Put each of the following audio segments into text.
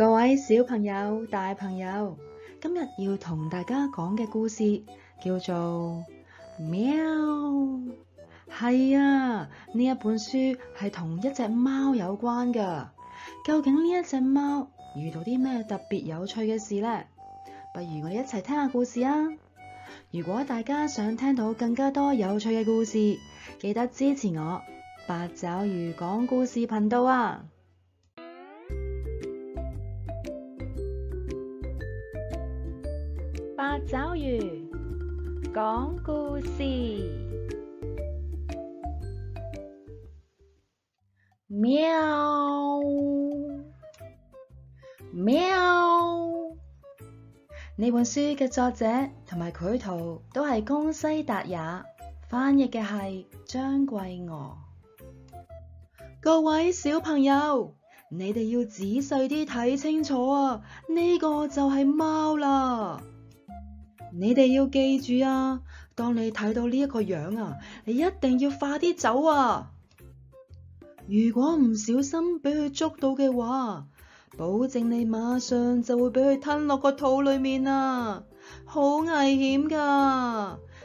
各位小朋友、大朋友，今日要同大家講嘅故事叫做《喵》。係啊，呢一本書係同一隻貓有關噶。究竟呢一隻貓遇到啲咩特別有趣嘅事咧？不如我哋一齊聽下故事啊！如果大家想聽到更加多有趣嘅故事，記得支持我八爪魚講故事頻道啊！八爪魚講故事，喵喵。呢本書嘅作者同埋繪圖都係宮西達也，翻譯嘅係張桂娥。各位小朋友，你哋要仔細啲睇清楚啊！呢個就係貓啦。你哋要記住啊！當你睇到呢一個樣啊，你一定要快啲走啊！如果唔小心俾佢捉到嘅話，保證你馬上就會俾佢吞落個肚裏面啊，好危險㗎！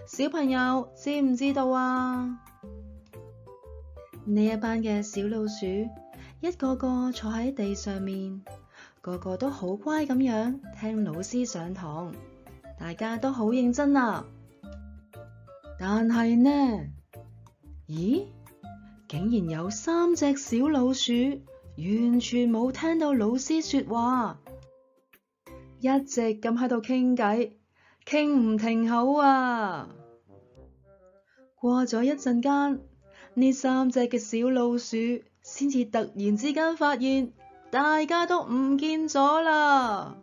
小朋友知唔知道啊？呢一班嘅小老鼠，一個個坐喺地上面，個個都好乖咁樣聽老師上堂。大家都好認真啦，啊，但係呢？咦，竟然有三隻小老鼠完全冇聽到老師說話，一直咁喺度傾偈，傾唔停口啊！過咗一陣間，呢三隻嘅小老鼠先至突然之間發現，大家都唔見咗啦！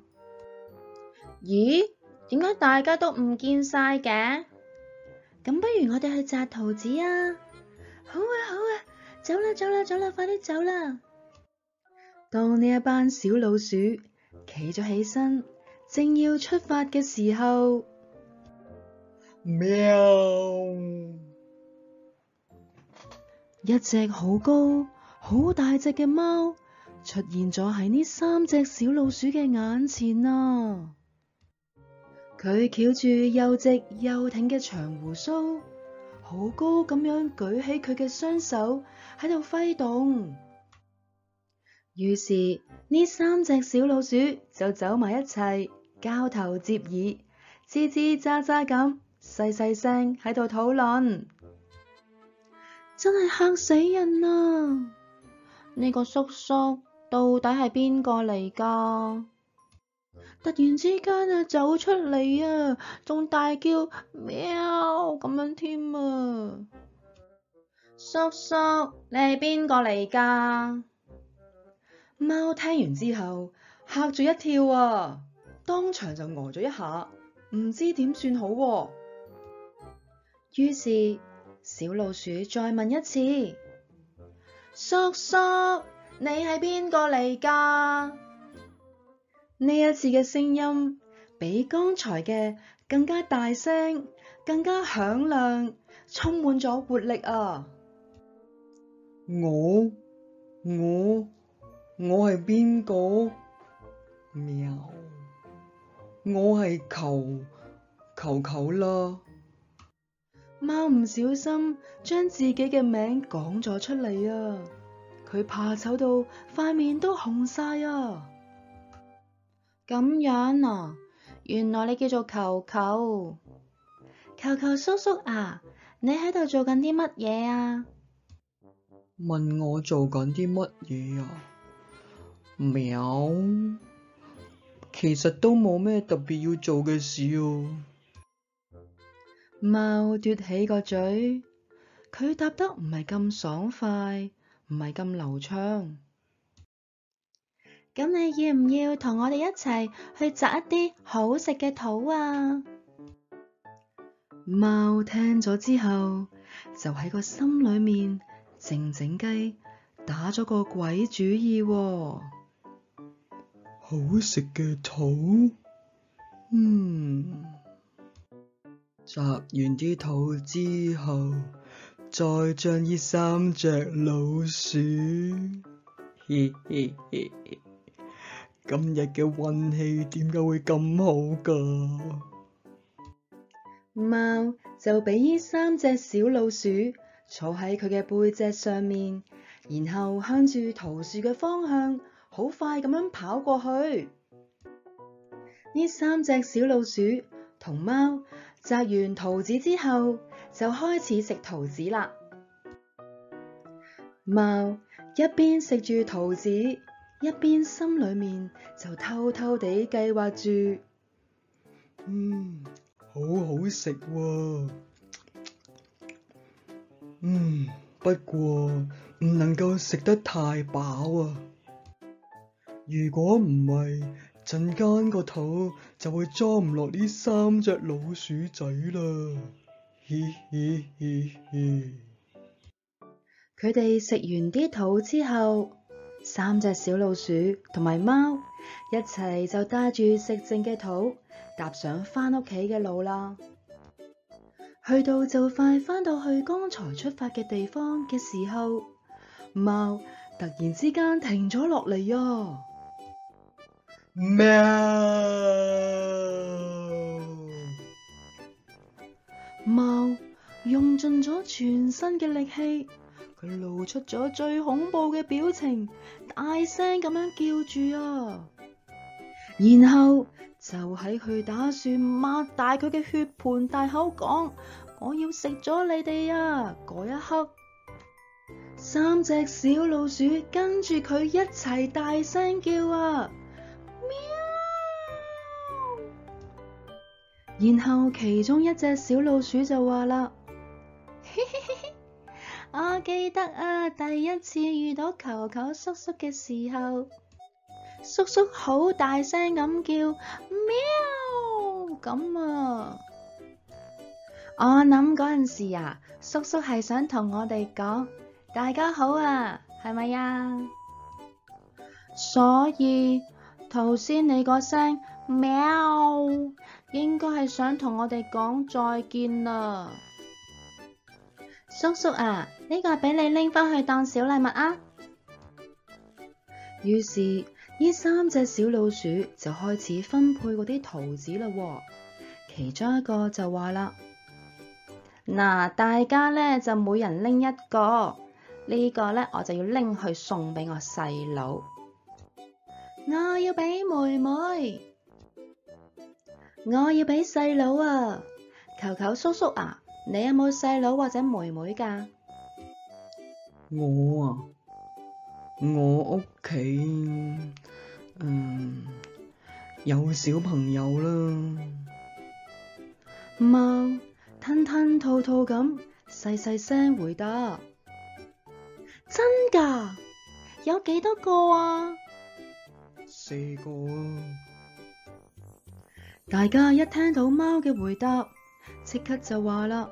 咦？點解大家都唔見晒嘅？咁不如我哋去摘桃子啊！好啊，好啊，走啦，走啦，走啦，快啲走啦！當呢一班小老鼠企咗起身，正要出發嘅時候，喵！一隻好高、好大隻嘅貓出現咗喺呢三隻小老鼠嘅眼前啊。佢翹住又直又挺嘅長鬍鬚，好高咁樣舉起佢嘅雙手喺度揮動。於是呢三隻小老鼠就走埋一齊，交頭接耳，吱吱喳喳咁細細聲喺度討論，細細細細討論真係吓死人啊！呢個叔叔到底係邊個嚟噶？突然之間啊，走出嚟啊，仲大叫喵咁樣添啊！叔叔，你係邊個嚟噶？貓聽完之後吓咗一跳啊，當場就呆咗一下，唔知點算好。於是小老鼠再問一次：叔叔，你係邊個嚟噶？呢一次嘅聲音比剛才嘅更加大聲、更加響亮，充滿咗活力啊！我？我？我係邊個？喵！我係球球球啦！貓唔小心將自己嘅名講咗出嚟啊！佢怕醜到塊面都紅晒啊！咁樣啊，原來你叫做球球，球球叔叔啊，你喺度做緊啲乜嘢啊？問我做緊啲乜嘢啊？喵，其實都冇咩特別要做嘅事哦、啊。貓嘟起個嘴，佢答得唔係咁爽快，唔係咁流暢。咁你要唔要同我哋一齊去摘一啲好食嘅土啊？貓聽咗之後，就喺個心裏面靜靜雞打咗個鬼主意，哦。好食嘅土，嗯，摘完啲土之後，再將呢三隻老鼠，嘻嘻嘻。今日嘅運氣點解會咁好噶？貓就俾呢三隻小老鼠坐喺佢嘅背脊上面，然後向住桃樹嘅方向，好快咁樣跑過去。呢三隻小老鼠同貓摘完桃子之後，就開始食桃子啦。貓一邊食住桃子。一邊心裏面就偷偷地計劃住，嗯，好好食喎！啊，嗯，不過唔能夠食得太飽啊，如果唔係，陣間個肚就會裝唔落呢三隻老鼠仔啦，嘻嘻嘻嘻，佢哋食完啲肚之後。三隻小老鼠同埋貓一齊就帶住食剩嘅肚，踏上翻屋企嘅路啦。去到就快翻到去剛才出發嘅地方嘅時候，貓突然之間停咗落嚟唷！喵！貓用盡咗全身嘅力氣。露出咗最恐怖嘅表情，大聲咁樣叫住啊！然後就喺佢打算擘大佢嘅血盆大口講： 我要食咗你哋啊！嗰一刻，三隻小老鼠跟住佢一齊大聲叫啊！喵！ 然後其中一隻小老鼠就話啦。我記得啊，第一次遇到球球叔叔嘅時候，叔叔好大聲咁叫喵咁啊！我諗嗰陣時啊，叔叔係想同我哋講大家好啊，係咪呀？所以頭先你嗰聲喵，應該係想同我哋講再見啦。叔叔啊，呢、這個俾你拎翻去當小禮物啊！於是呢三隻小老鼠就開始分配嗰啲桃子啦，哦。其中一個就話啦：嗱，大家咧就每人拎一個，這個、呢個咧我就要拎去送俾我細佬。我要俾妹妹，我要俾細佬啊！求求叔叔啊！你有冇細佬或者妹妹噶？我啊，我屋企，嗯，有小朋友啦。貓吞吞吐吐咁細細聲回答：真噶，有幾多個啊？四個啊！大家一聽到貓嘅回答，即刻就話啦，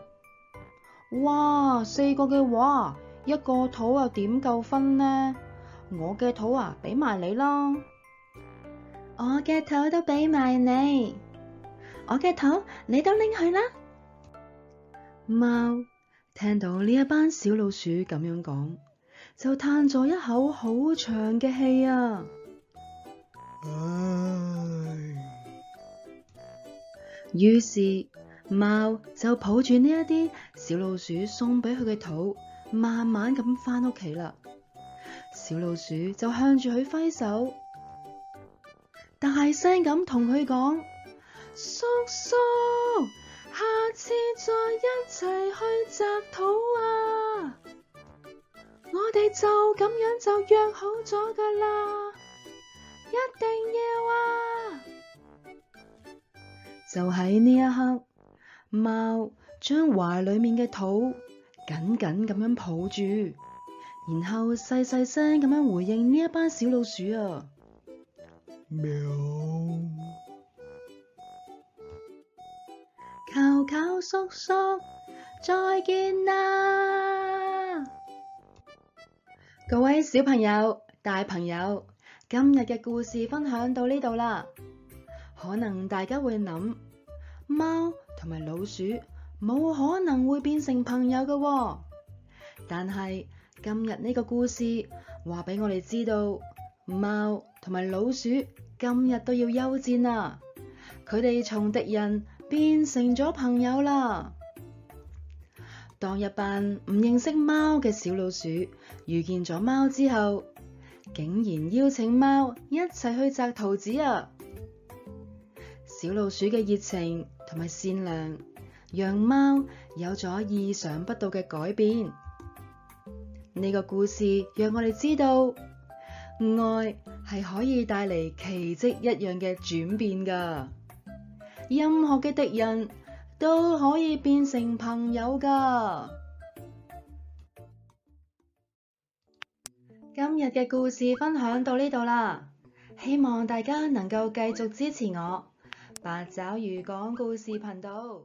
哇，四個嘅話，一個桃又點夠分呢？我嘅桃啊，俾埋你咯。我嘅桃都俾埋你，我嘅桃你都拎去啦。貓聽到呢一班小老鼠咁樣講，就嘆咗一口好長嘅氣啊。唉、哎，於是。貓就抱住呢一啲小老鼠送畀佢嘅土，慢慢咁返屋企啦。小老鼠就向住佢揮手，大聲咁同佢講：叔叔，下次再一齊去摘土啊！我哋就咁樣就約好咗噶啦，一定要啊！就喺呢一刻。貓將懷裏面嘅肚緊緊咁樣抱住，然後細細聲咁樣回應呢一班小老鼠啊，喵！叩叩叔叔，再見啦！各位小朋友、大朋友，今日嘅故事分享到呢度啦。可能大家會諗，貓。同埋老鼠冇可能會變成朋友嘅。哦，但係今日呢個故事話俾我哋知道，貓同埋老鼠今日都要休戰啦。佢哋從敵人變成咗朋友啦。當日班唔認識貓嘅小老鼠遇見咗貓之後，竟然邀請貓一齊去摘桃子啊！小老鼠嘅熱情。同埋善良，讓貓有咗意想不到嘅改變。呢、這個故事讓我哋知道，愛係可以帶嚟奇蹟一樣嘅轉變噶。任何嘅敵人都可以變成朋友噶。今日嘅故事分享到呢度啦，希望大家能夠繼續支持我，八爪魚講故事頻道。